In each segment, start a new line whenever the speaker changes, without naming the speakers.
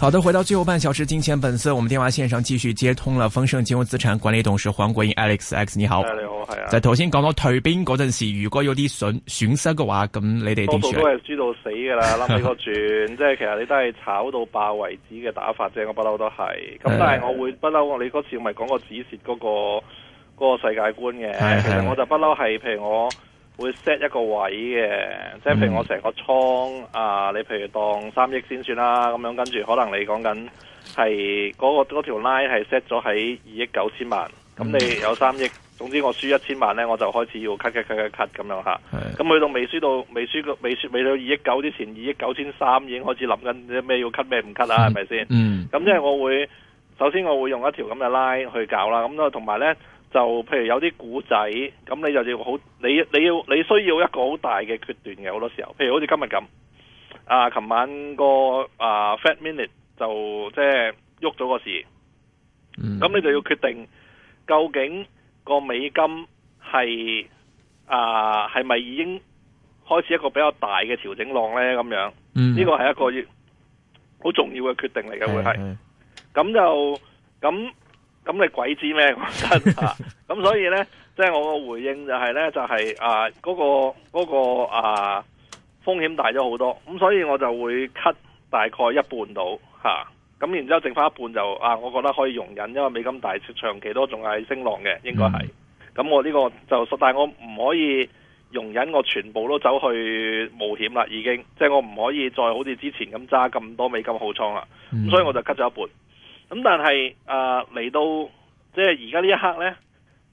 好的，回到最後半小時金錢本色，我們電話線上繼續接通了豐盛金融資產管理董事黃國英 Alex X，你好。你好，係啊。就係頭先講到退兵嗰陣時，如果有啲損損失嘅話，咁你哋點算？多數都係
輸到死噶啦，諗 幾個轉，即係其實你都係炒到爆為止嘅打法啫，我不嬲都係。咁、啊、但係我會不嬲、那個，我你嗰次咪講過止蝕嗰個個世界觀嘅、啊，其實我就不嬲係譬如我。會 set 一個位嘅，即係譬如我成個倉、嗯、啊，你譬如當三億先算啦，咁樣跟住可能你講緊係嗰個嗰條 line 係 set 咗喺二億九千萬，咁、嗯、你有三億，總之我輸一千萬呢，我就開始要 cut cut cut cut 咁樣下，咁去到未輸到未輸過未輸未到二億九之前，二億九千三已經開始諗緊咩要 cut 咩唔 cut 啦、啊，係咪先？咁、嗯、即係我會首先我會用一條咁嘅 line 去搞啦，咁同埋呢。就譬如有啲古仔，咁你就要好，你你要你需要一個好大嘅決斷嘅，好多時候，譬如好似今日咁，啊、呃，琴晚個啊、呃、fat minute 就即係喐咗個市咁、嗯、你就要決定究竟個美金係啊係咪已經開始一個比較大嘅調整浪咧？咁樣呢個係一個好重要嘅決定嚟嘅會係，咁、嗯、就咁。咁你鬼知咩？咁所以呢，即係我個回應就係、是、呢，就係、是、啊，嗰、那個嗰、那個啊，風險大咗好多。咁、嗯、所以我就會 cut 大概一半到嚇。咁、啊、然之後剩翻一半就啊，我覺得可以容忍，因為美金大市長期都仲係升浪嘅，應該係。咁我呢個就，但係我唔可以容忍我全部都走去冒險啦，已經。即係我唔可以再好似之前咁揸咁多美金好倉啦。咁所以我就 cut 咗一半。咁但係啊嚟到，即係而家呢一刻呢，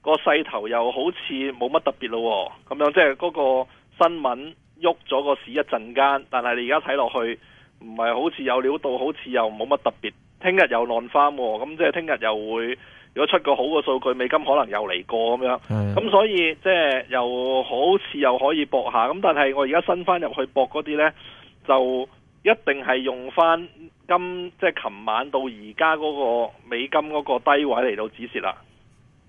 個勢頭又好似冇乜特別咯、哦，咁樣即係嗰個新聞喐咗個市一陣間，但係你而家睇落去唔係好似有料到，好似又冇乜特別。聽日又浪翻、哦，咁、嗯、即係聽日又會如果出個好嘅數據，美金可能又嚟過咁樣。咁所以即係又好似又可以博下，咁但係我而家新返入去博嗰啲呢，就一定係用返。今即係琴晚到而家嗰個美金嗰個低位嚟到止蝕啦。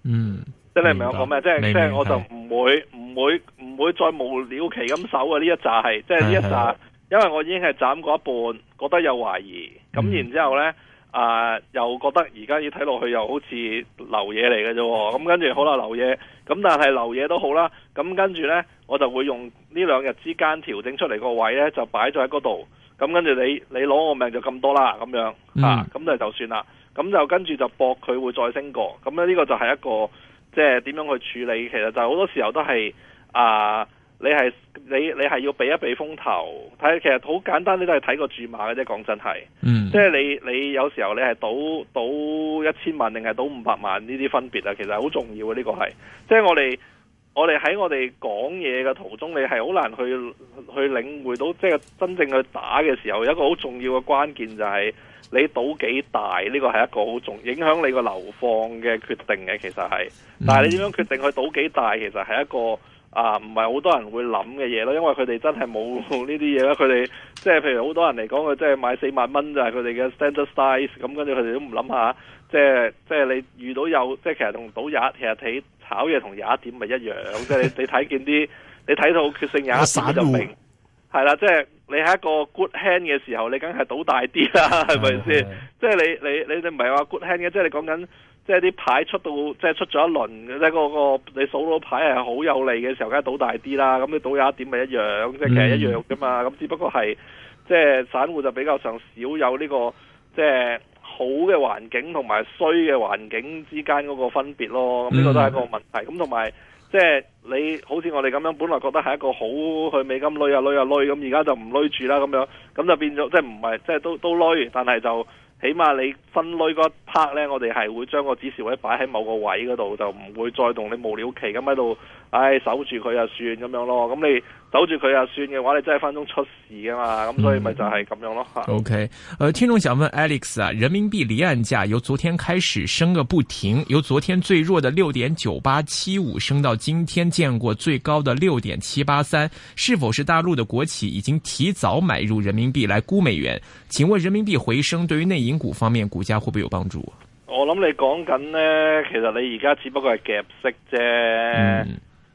嗯，
即係你明我講咩？即係即係我就唔會唔會唔會再無了期咁守啊！呢一紮係即係呢一紮，因為我已經係斬過一半，覺得有懷疑。咁、嗯、然之後呢，啊、呃、又覺得而家要睇落去又好似流嘢嚟嘅啫。咁跟住好啦，流嘢。咁但係流嘢都好啦。咁跟住呢，我就會用呢兩日之間調整出嚟個位呢，就擺咗喺嗰度。咁跟住你，你攞我命就咁多啦，咁樣、嗯、啊，咁就就算啦。咁就跟住就搏佢會再升過。咁呢個就係一個即係點樣去處理，其實就係好多時候都係啊，你係你你係要避一避風頭睇。其實好簡單，你都係睇個注碼嘅啫。講真係，即、嗯、係、就是、你你有時候你係賭賭一千萬定係賭五百萬呢啲分別啊，其實好重要嘅呢、這個係，即、就、係、是、我哋。我哋喺我哋講嘢嘅途中，你係好難去去領會到，即係真正去打嘅時候，有一個好重要嘅關鍵就係你賭幾大，呢個係一個好重影響你個流放嘅決定嘅其實係。但係你點樣決定去賭幾大，其實係一個啊唔係好多人會諗嘅嘢咯，因為佢哋真係冇呢啲嘢啦。佢哋即係譬如好多人嚟講佢即係買四萬蚊就係佢哋嘅 standard size，咁跟住佢哋都唔諗下，即係即係你遇到有即係其實同賭日其實睇。炒嘢同廿一點咪一樣，即 係你你睇見啲，你睇到決勝廿一點就明，係、啊、啦，即係、就是、你喺一個 good hand 嘅時候，你梗係賭大啲啦，係咪先？即係、就是、你你你你唔係話 good hand 嘅，即、就、係、是、你講緊即係啲牌出到即係、就是、出咗一輪嘅係嗰個你數到牌係好有利嘅時候，梗係賭大啲啦。咁你賭廿一點咪一樣，即、就、係、是、其實一樣噶嘛。咁、嗯、只不過係即係散戶就比較上少有呢、這個即係。就是好嘅環境同埋衰嘅環境之間嗰個分別咯，咁呢個都係一個問題。咁同埋即係你好似我哋咁樣，本來覺得係一個好去美金累啊累啊累。咁，而家就唔累住啦咁樣，咁就變咗即係唔係即係都都累，但係就起碼你分累個。我哋係會將個指示位擺喺某個位嗰度，就唔會再同你無了期咁喺度，唉守住佢就算咁樣咯。咁你守住佢就算嘅話，你真係分分鐘出事噶嘛。咁所以咪就
係咁樣咯，嗯。OK，呃，聽眾想問 Alex 啊，人民幣離岸價由昨天開始升個不停，由昨天最弱的六點九八七五升到今天見過最高的六點七八三，是否是大陸的國企已經提早買入人民幣來沽美元？請問人民幣回升對於內銀股方面股價會不會有幫助？
我諗你講緊呢，其實你而家只不過係夾息啫。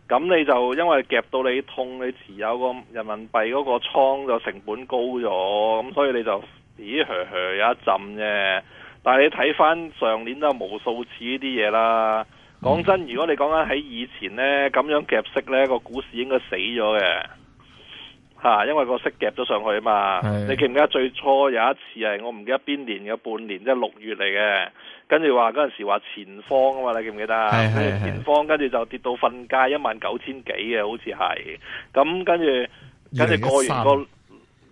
咁、嗯、你就因為夾到你痛，你持有個人民幣嗰個倉就成本高咗，咁所以你就咦噓噓有一浸啫。但係你睇翻上年都係無數次呢啲嘢啦、嗯。講真，如果你講緊喺以前呢咁樣夾息呢，個股市應該死咗嘅吓，因為個息夾咗上去啊嘛。你記唔記得最初有一次係我唔記得邊年嘅，有半年即係六月嚟嘅。跟住話嗰陣時話前方啊嘛，你記唔記得啊？是是是前方跟住就跌到瞓街一萬九千幾嘅，好似係。咁跟住，
跟住過完個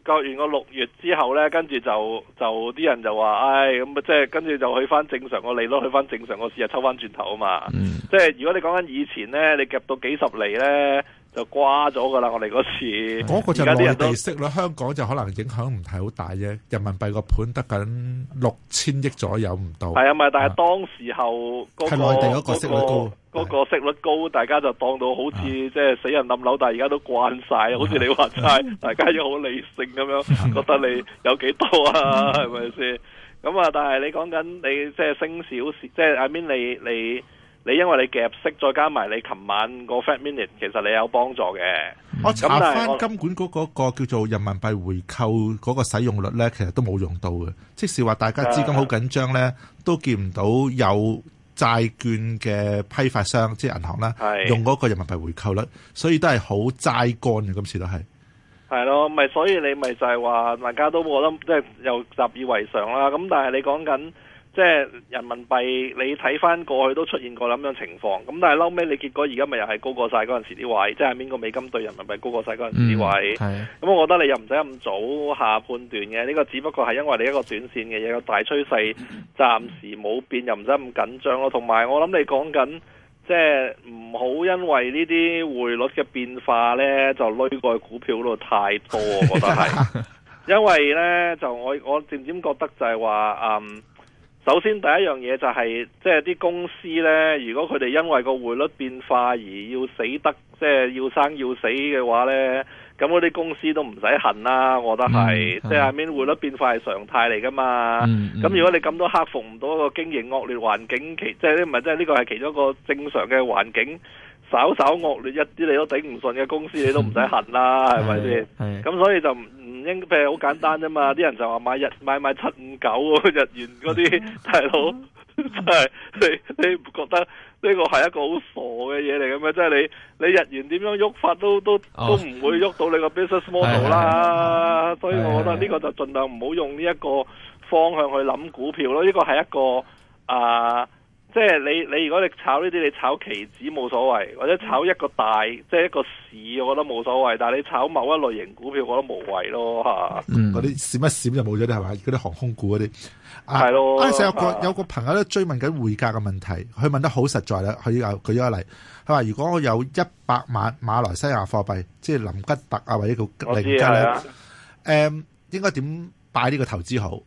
過完個六月之後呢，跟住就就啲人就話，唉、哎，咁啊即係跟住就去翻正常個利率，去翻正常個市就抽翻轉頭啊嘛。嗯、即係如果你講緊以前呢，你夾到幾十釐呢。就瓜咗噶啦！我哋嗰次，嗰、嗰個就內地息
率，香港就可能影響唔係好大啫。人民幣個盤得緊六千億左右唔到。係啊嘛，
但係當時候、嗰個內地個息率高，嗰個嗰個息率高，大家就當到好似即係死人冧樓，但係而家都慣晒，好似你話齋， 大家要好理性咁樣，覺得你有幾多啊？係咪先？咁啊，但係你講緊你即係升少少，即係 I mean 你你。你你因為你夾息，再加埋你琴晚個 fat minute，其實你有幫助嘅、嗯。我查翻
金管局嗰嗰個叫做人民幣回購嗰個使用率咧，其實都冇用到嘅。即使話大家資金好緊張咧，都見唔到有債券嘅批發商，即係銀行啦，用嗰個人民幣回購率，所以都係好齋乾嘅，今次都係。
係咯，咪所以你咪就係話，大家都冇諗即係又習以為常啦。咁但係你講緊。即係人民幣，你睇翻過去都出現過咁樣情況，咁但係撈尾你結果而家咪又係高過晒嗰陣時啲位，即係邊個美金對人民幣高過晒嗰陣時啲位，咁、嗯、我覺得你又唔使咁早下判斷嘅。呢個只不過係因為你一個短線嘅嘢，個大趨勢暫時冇變，又唔使咁緊張咯。同埋我諗你講緊即係唔好因為呢啲匯率嘅變化咧，就累過股票度太多，我覺得係， 因為咧就我我漸漸覺得就係話嗯。首先第一樣嘢就係、是，即係啲公司咧，如果佢哋因為個匯率變化而要死得，即係要生要死嘅話咧，咁嗰啲公司都唔使恨啦。我覺得係，即係下面匯率變化係常態嚟噶嘛。咁、嗯、如果你咁都克服唔到個經營惡劣環境，其即係呢？唔係即係呢個係其中一個正常嘅環境，稍稍惡劣一啲，你都頂唔順嘅公司，你都唔使恨啦，係咪先？咁所以就應誒好簡單啫嘛，啲人就話買日買買七五九日元嗰啲大佬，真係你你唔覺得呢個係一個好傻嘅嘢嚟嘅咩？即係你你日元點樣喐法都都、oh. 都唔會喐到你個 business model 啦， 所以我覺得呢個就盡量唔好用呢一個方向去諗股票咯，呢個係一個啊。即係你，你如果你炒呢啲，你炒期指冇所謂，或者炒一個大，即係一個市，我覺得冇所謂。但係你炒某一類型股票，我覺得無謂咯吓。嗯，嗰啲
閃一閃就冇咗啲係嘛，嗰啲航空股嗰啲。係咯。啊，成有個有個朋友都追問緊匯價嘅問題，佢問得好實在啦，佢又舉咗個例，佢話如果我有一百萬馬來西亞貨幣，即係林吉特啊，或者叫令吉咧，誒，應該點擺呢個投資好？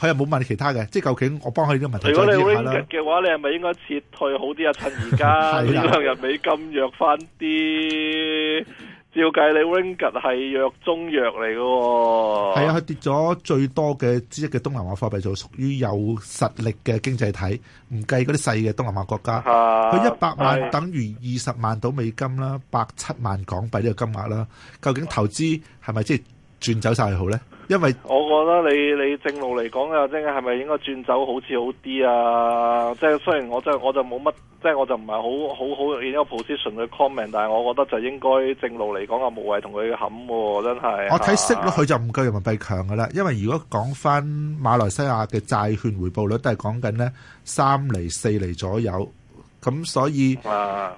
佢又冇問你其他嘅，即係究竟我幫佢啲問題解決下，如果你 Ringgit
嘅話，你係咪應該撤退好啲啊？趁而家兩日美金弱翻啲， 照計你 Ringgit 係弱中弱嚟喎、哦。係啊，佢
跌咗最多嘅之一嘅東南亞貨幣就屬於有實力嘅經濟體，唔計嗰啲細嘅東南亞國家。佢一百萬等於二十萬到美金啦，百七萬港幣呢個金額啦。究竟投資係咪即係轉走晒好咧？因為我
覺得你你正路嚟講啊，真係係咪應該轉走好似好啲啊？即係雖然我真係我就冇乜，即係我就唔係好好好容易一個 position 去 comment，但係我覺得就應該正路嚟講啊，無謂同佢撼喎，真係。我睇息率，佢就唔
夠人民幣強噶啦。因為如果講翻馬來西亞嘅債券回報率都係講緊咧三厘、四厘左右，咁所以，啊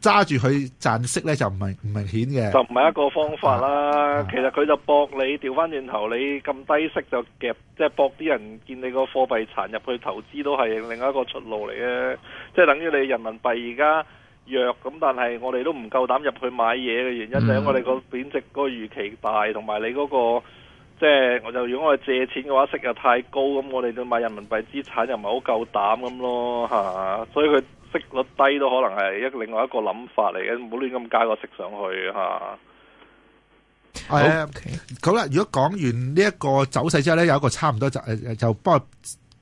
揸住佢賺息咧就唔係唔明顯嘅，就唔
係一個方法啦。啊啊、其實佢就博你調翻轉頭，你咁低息就夾，即係博啲人見你個貨幣殘入去投資都係另一個出路嚟嘅。即係等於你人民幣而家弱咁，但係我哋都唔夠膽入去買嘢嘅原因就係我哋個貶值個預期大，同埋你嗰個。即係，我就如果我哋借錢嘅話，息又太高，咁我哋就買人民幣資產又唔係好夠膽咁咯，吓，所以佢息率低都可能係一個另外一個諗法嚟嘅，唔好亂咁加個息上去，吓。係啊，
好啦，okay，如果講完呢一個走勢之後咧，有一個差唔多就誒誒，就幫我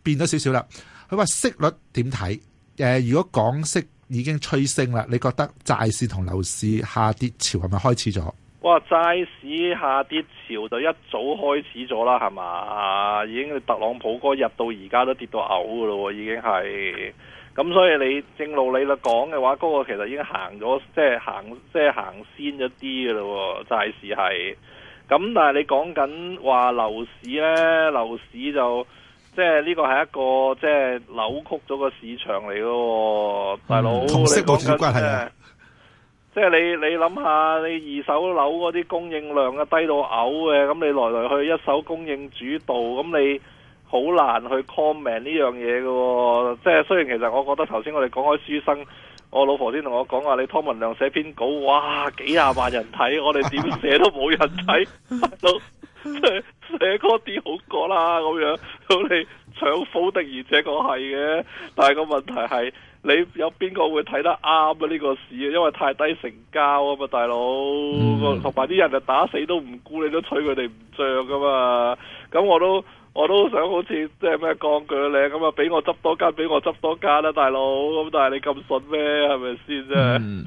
變咗少少啦。佢話息率點睇？誒，如果港息已經趨升啦，你覺得債市同樓市下跌潮係咪開始咗？
哇！債市下跌潮就一早開始咗啦，係嘛？已經特朗普哥入到而家都跌到嘔噶咯，已經係。咁所以你正路你嚟講嘅話，嗰、那個其實已經行咗，即係行，即係行先咗啲噶咯。債市係。咁但係你講緊話樓市咧，樓市就即係呢個係一個即係扭曲咗個市場嚟噶、嗯，大佬。同息冇直接關係即係你你，諗下，你二手樓嗰啲供應量啊低到嘔嘅，咁你來來去一手供應主導，咁你好難去 comment 呢樣嘢嘅。即係雖然其實我覺得頭先我哋講開書生，我老婆先同我講話，你湯文亮寫篇稿，哇幾廿萬人睇，我哋點寫都冇人睇， 寫寫寫嗰啲好過啦咁樣。咁你搶否定而且確係嘅，但係個問題係。你有邊個會睇得啱啊？呢個市，因為太低成交啊嘛，大佬。同埋啲人啊，打死都唔沽，你都催佢哋唔漲噶嘛。咁我都我都想好似即係咩鋼鋸嶺咁啊，俾我執多間，俾我執多間啦，大佬。咁但係你咁信咩？係咪先啫？嗯。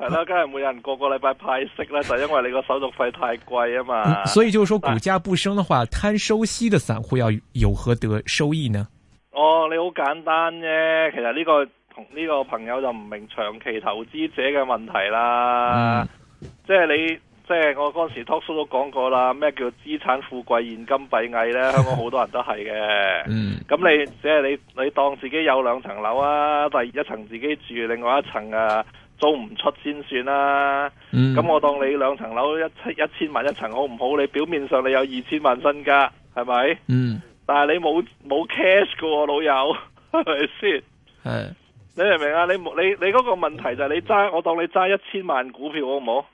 係啦，梗係每人個個禮拜派息啦，就是、因為你個手續費太貴啊嘛、嗯。所以就是說，股
價不升的話，攤收息的散戶要有何得收益呢？
哦，你好簡單啫，其實呢、這個同呢、這個朋友就唔明長期投資者嘅問題啦、嗯。即係你，即係我嗰時 talk show 都講過啦，咩叫資產富貴現金閉翳呢？香港好多人都係嘅。
嗯，
咁你即係你，你當自己有兩層樓啊，第一層自己住，另外一層啊。都唔出先算啦，
咁、嗯、我
當你兩層樓一七一千萬一層好唔好？你表面上你有二千萬身家，係咪？
嗯，
但係你冇冇 cash 嘅、哦、老友，係咪
先？
係你明唔明啊？你你你嗰個問題就係你揸，我當你揸一千萬股票好唔好、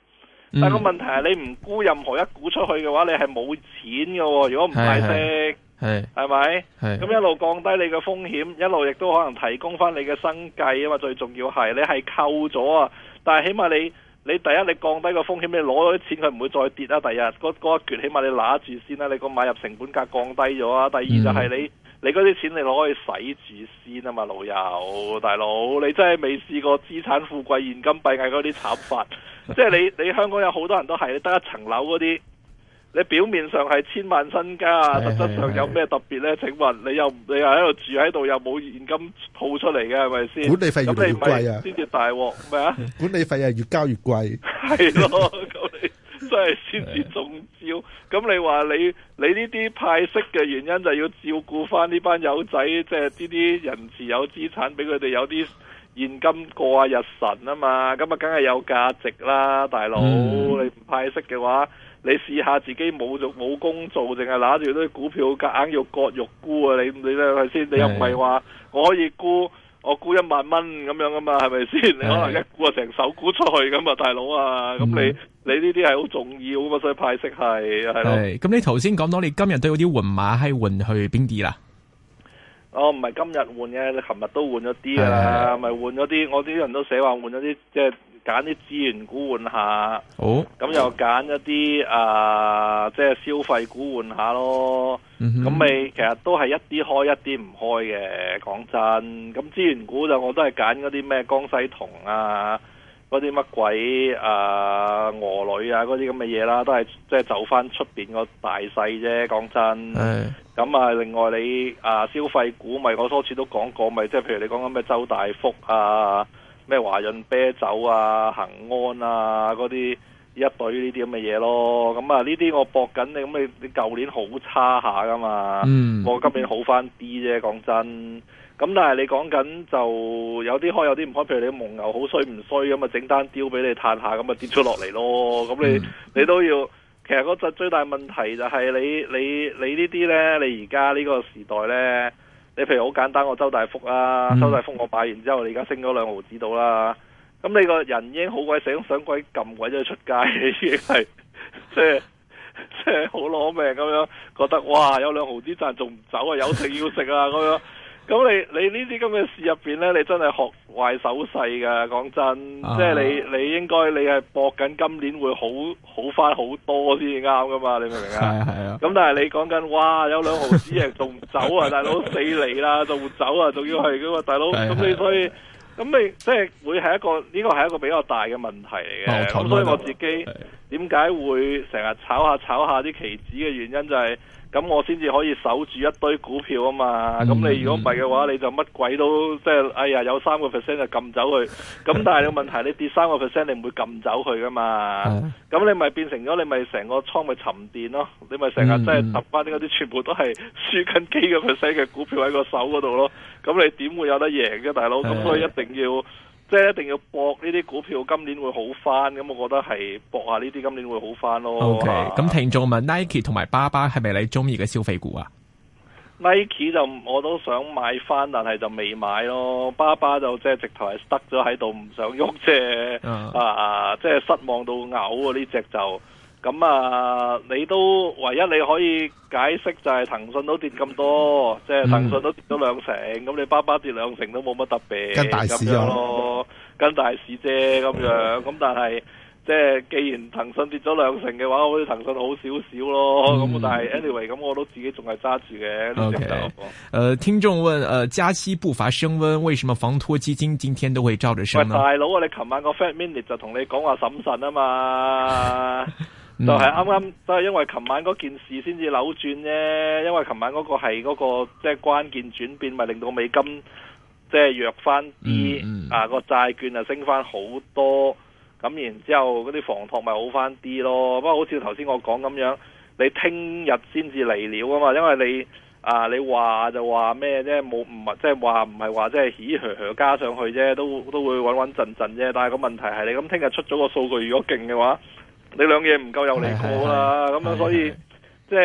嗯？
但係個問
題係你唔沽任何一股出去嘅話，你係冇錢喎、哦。如果唔派息。係，係咪？咁一路降低你嘅風險，一路亦都可能提供翻你嘅生計啊嘛！最重要係，你係扣咗啊，但係起碼你你第一你降低個風險，你攞咗啲錢佢唔會再跌啦、啊。第二，嗰個一撅起碼你拿住先啦。你個買入成本價降低咗啊。第二就係你、嗯、你嗰啲錢你攞去使住先啊嘛，老友大佬，你真係未試過資產富貴現金幣嘅嗰啲慘法， 即係你你香港有好多人都係得一層樓嗰啲。你表面上係千萬身家，實質上有咩特別呢？是是是？請問你又你又喺度住喺度，又冇現金套出嚟嘅係咪先？管理費越嚟越貴啊，先至大鑊咩啊？
管理費係越交、啊、越貴，
係 咯，咁你真係先至中招。咁你話你你呢啲派息嘅原因就要照顧翻呢班友仔，即係啲啲人持有資產俾佢哋有啲現金過日神啊嘛，咁啊梗係有價值啦，大佬、嗯、你唔派息嘅話。你試下自己冇做冇工做，淨係攞住啲股票夾硬要割肉沽啊！你你係咪先？你又唔係話我可以沽，我沽一萬蚊咁樣噶嘛？係咪先？你可能一沽啊成手沽出去咁啊，大佬啊！咁你你呢啲係好重要噶嘛？所以派息係係。
咁你頭先講到你今日都有啲換馬係換去邊啲啦？
我唔係今日換嘅，你琴日都換咗啲噶啦，咪換咗啲？我啲人都寫話換咗啲即係。就是揀啲資源股換下，咁、哦、又揀一啲、嗯、啊，即、就、係、是、消費股換下咯。咁、嗯、咪其實都係一啲開一啲唔開嘅。講真，咁資源股就我都係揀嗰啲咩江西銅啊，嗰啲乜鬼啊鵝女啊嗰啲咁嘅嘢啦，都係即係走翻出面個大勢啫。講真，咁、嗯、啊，另外你啊消費股咪我多次都講過，咪即係譬如你講緊咩周大福啊。咩華潤啤酒啊、恒安啊嗰啲一隊呢啲咁嘅嘢咯，咁啊呢啲我搏緊你，咁你你舊年好差下㗎嘛，嗯，我今年好返啲啫，講真，咁但係你講緊就有啲開有啲唔開，譬如你蒙牛好衰唔衰咁啊，整單刁俾你嘆下，咁啊跌出落嚟咯，咁、嗯、你你都要，其實嗰隻最大問題就係你你你呢啲咧，你而家呢個時代咧。你譬如好簡單，我周大福啊、嗯，周大福我擺完之後，你而家升咗兩毫子到啦，咁你個人已經好鬼醒，想鬼撳鬼都出街，已經係即係即係好攞命咁樣，覺得哇有兩毫子賺，仲唔走啊？有食要食啊咁樣。咁你你呢啲咁嘅事入邊咧，你真係學壞手勢噶，講真，即、uh、係 -huh. 你你應該你係搏緊今年會好好翻好多先至啱噶嘛，你明唔明啊？係啊係，啊。咁但係你講緊哇有兩毫紙啊，仲唔走啊， 大佬哥 死你啦，仲走啊，仲要係咁啊，大佬。咁你所以咁、uh -huh. 你即係、就是、會係一個呢個係一個比較大嘅問題嚟嘅。咁、uh -huh. 所以我自己點解、uh -huh. 會成日炒下炒下啲棋子嘅原因就係、是。咁我先至可以守住一堆股票啊嘛，咁、嗯、你如果唔係嘅話，你就乜鬼都即係，哎呀有三個 percent 就撳走佢。咁但係你問題你，你跌三個 percent 你唔會撳走佢噶嘛？咁、啊、你咪變成咗你咪成個倉咪沉澱咯，你咪成日即係揼翻啲嗰啲全部都係輸緊幾個 percent 嘅股票喺個手嗰度咯。咁你點會有得贏嘅大佬？咁、嗯、所以一定要。即係一定要搏呢啲股票，今年會好翻，咁我覺得係搏下呢啲，今年會好翻咯。OK，咁
聽眾問 Nike 同埋巴巴係咪你中意嘅消費股啊
？Nike 就我都想買翻，但係就未買咯。巴巴就即係直頭係 stuck 咗喺度，唔想喐，啫。係啊，即係失望到嘔啊！呢隻就。咁、嗯、啊，你都唯一你可以解釋就係騰訊都跌咁多，即係騰訊都跌咗兩成，咁、嗯、你巴巴跌兩成都冇乜特別，跟大市、啊、咯，跟大市啫，咁樣，咁、嗯、但係即係既然騰訊跌咗兩成嘅話，我騰訊好似騰訊好少少咯，咁、嗯、但係 anyway，咁我都自己仲係揸住嘅。O K，
誒，聽眾問，誒、呃，加息步伐升温，為什麼房託基金今天都會照着升？喂，大
佬、啊，我你琴晚個 fat minute 就同你講話審慎啊嘛。 就係啱啱都係因為琴晚嗰件事先至扭轉啫，因為琴晚嗰個係嗰、那個即係、就是、關鍵轉變，咪、就是、令到美金即係弱翻啲、嗯，啊個債券啊升翻好多，咁然之後嗰啲房託咪好翻啲咯。不過好似頭先我講咁樣，你聽日先至嚟料啊嘛，因為你啊你話就話咩啫，冇唔係即係話唔係話即係噓噓噓加上去啫，都都會穩穩陣陣啫。但係個問題係你咁聽日出咗個數據，如果勁嘅話。你兩嘢唔夠又嚟過啦，咁樣所以是是是是即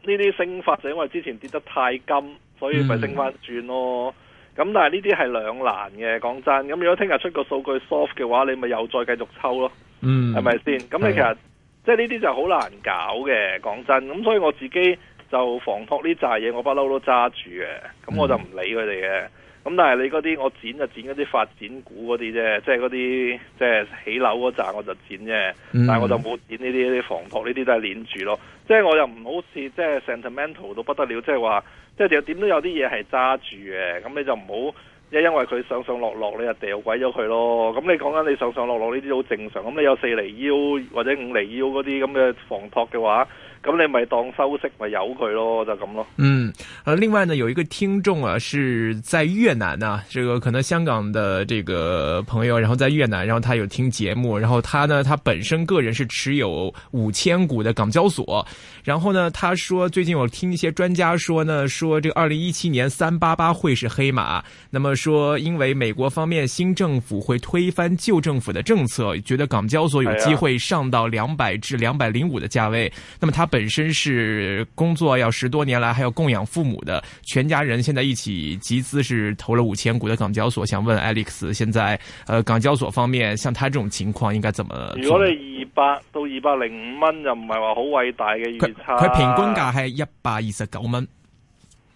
係呢啲升法就因為之前跌得太甘，所以咪升翻轉咯。咁、嗯、但係呢啲係兩難嘅，講真。咁如果聽日出個數據 soft 嘅話，你咪又再繼續抽
咯。嗯，係咪先？咁你其
實即係呢啲就好難搞嘅，講真。咁所以我自己就防托呢扎嘢，我不嬲都揸住嘅，咁我就唔理佢哋嘅。嗯嗯。咁但係你嗰啲我剪就剪嗰啲發展股嗰啲啫，即係嗰啲即係起樓嗰紮我就剪啫、嗯，但係我就冇剪呢啲啲房託呢啲都係拎住咯。即係我又唔好似即係 sentimental 到不得了，即係話即係點都有啲嘢係揸住嘅。咁、嗯、你就唔好即係因為佢上上落落，你就掉鬼咗佢咯。咁、嗯、你講緊你上上落落呢啲好正常。咁、嗯、你有四厘腰或者五厘腰嗰啲咁嘅房託嘅話。咁你咪當收息咪由佢咯，就咁
咯。嗯，啊，另外呢，有一個聽眾啊，是在越南啊，這個可能香港的這個朋友，然後在越南，然後他有聽節目，然後他呢，他本身個人是持有五千股的港交所，然後呢，他說最近我聽一些專家說呢，說這個二零一七年三八八會是黑馬，那麼說因為美國方面新政府會推翻舊政府的政策，覺得港交所有機會上到兩百至兩百零五的價位，那麼他。本身是工作要十多年來，還有供養父母的全家人，現在一起集資是投了五千股的港交所。想問 Alex，現在呃港交所方面，像他這種情況應該怎麼做？如果你
二百到二百零五蚊，就唔係話好偉大嘅預測。佢平均
價係一百二十九蚊。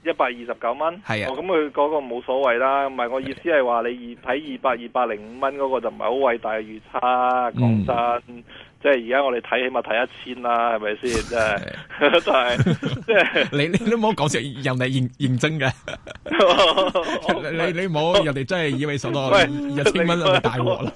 一百二十九蚊，係啊，咁佢嗰個冇所謂啦，唔係我意思係話你二睇二百二百零五蚊嗰個就唔係好偉大嘅預測，講真，嗯，即係而家我哋睇起碼睇一千啦，係咪先？真係真係，即
係你你都唔好講成，人哋認認真嘅，你你唔好，人哋真係以為實到一千蚊咁大鑊啦。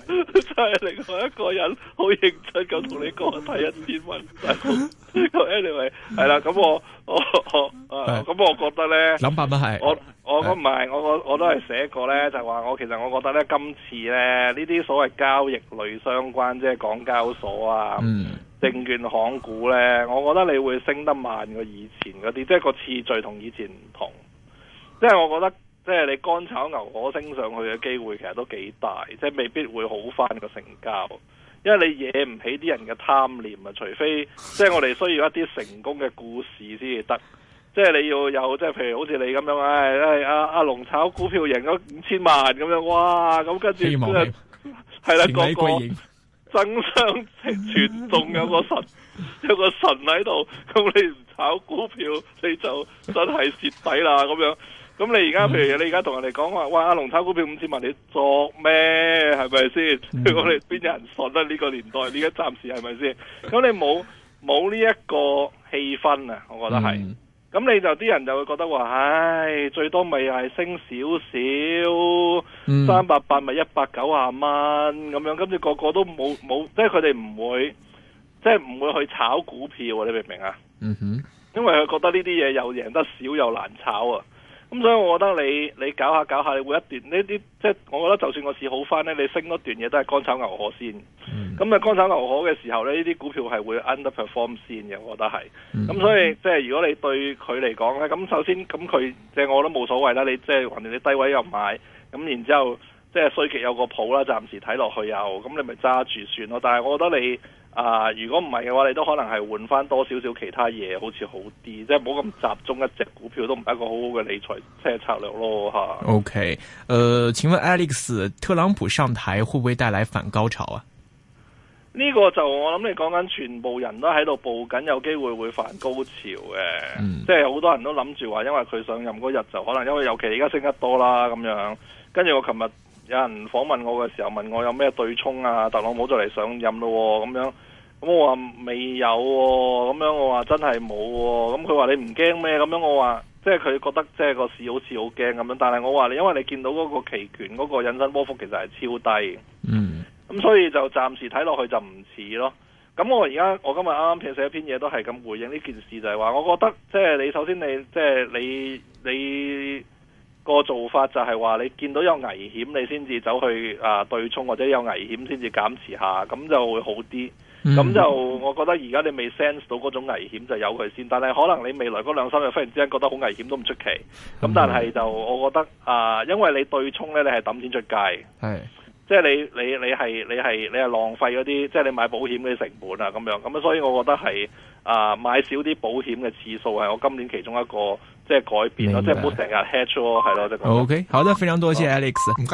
另外一個人好認真咁同你講，睇一千萬。咁 Anyway，係啦，咁我，anyway，我，啊，咁我覺得咧，諗法都係，我，我，咁唔係，我，我，我都係寫過呢，就話我其實我覺得呢，今次呢，呢啲所謂交易類相關，即係港交所啊、嗯，證券行股呢，我覺得你會升得慢過以前嗰啲，即、就、係、是、個次序同以前唔同，即係我覺得。即係你乾炒牛河升上去嘅機會，其實都幾大，即係未必會好翻個成交，因為你惹唔起啲人嘅貪念啊！除非即係我哋需要一啲成功嘅故事先至得，即係你要有，即係譬如好似你咁樣，唉、哎，阿阿龍炒股票贏咗五千萬咁樣，哇！咁跟住，希望係啦，嗯、個個爭相直傳，仲有個神，有個神喺度，咁你唔炒股票，你就真係蝕底啦，咁樣。咁你而家譬如你而家同人哋講話，哇，阿龍炒股票五千萬，你作咩？係咪先？我哋邊有人信得、啊、呢、呢個年代？呢個暫時係咪先？咁你冇冇呢一個氣氛啊？我覺得係，咁、嗯、你就啲人就會覺得話，唉，最多咪係升少少，三百八咪一百九十蚊咁樣，跟住個個都冇冇，即係佢哋唔會，即係唔會去炒股票啊？你明唔明啊？嗯哼，因為佢覺得呢啲嘢又贏得少又難炒啊。咁、嗯、所以我，我覺得你你搞下搞下，會一段呢啲即係我覺得，就算個市好翻咧，你升嗰段嘢都係乾炒牛河先。咁、mm、啊 -hmm. 嗯、乾炒牛河嘅時候咧，呢啲股票係會 underperform 先嘅，我覺得係。咁、mm -hmm. 嗯、所以即係如果你對佢嚟講咧，咁首先咁佢即係我都冇所謂啦。你即係橫掂你低位又買，咁然之後。即係衰期有個譜啦，暫時睇落去有，咁你咪揸住算咯。但係我覺得你啊、呃，如果唔係嘅話，你都可能係換翻多少少其他嘢，好似好啲，即係冇咁集中一隻股票，都唔係一個好好嘅理財策略咯。吓
，OK，誒、呃，請問 Alex，特朗普上台會唔會帶來反高潮啊？
呢、這個就我諗你講緊，全部人都喺度報緊，有機會會反高潮嘅。嗯，即係好多人都諗住話，因為佢上任嗰日就可能，因為尤其而家升得多啦，咁樣，跟住我琴日。有人訪問我嘅時候問我有咩對沖啊？特朗普就嚟上任咯、啊，咁樣咁我話未有、啊，咁樣我話真係冇、啊，咁佢話你唔驚咩？咁樣我話即係佢覺得即係個市好似好驚咁樣，但係我話你因為你見到嗰個期權嗰個引伸波幅其實係超低，嗯，咁所以就暫時睇落去就唔似咯。咁我而家我今日啱啱寫寫一篇嘢都係咁回應呢件事就，就係話我覺得即係你首先你即係你你。你個做法就係話，你見到有危險，你先至走去啊對沖，或者有危險先至減持下，咁就會好啲。咁、嗯、就我覺得而家你未 sense 到嗰種危險，就由佢先。但係可能你未來嗰兩三日忽然之間覺得好危險，都唔出奇。咁但係就我覺得啊、呃，因為你對沖呢，你係抌錢出街，即係你你你係你係你係浪費嗰啲，即係你買保險嗰啲成本啊咁樣。咁所以我覺得係啊、呃、買少啲保險嘅次數係我今年其中一個。即係改變咯，即係唔好成日 hedge 咯，係咯。Okay，好
的，非常多謝、oh. Alex。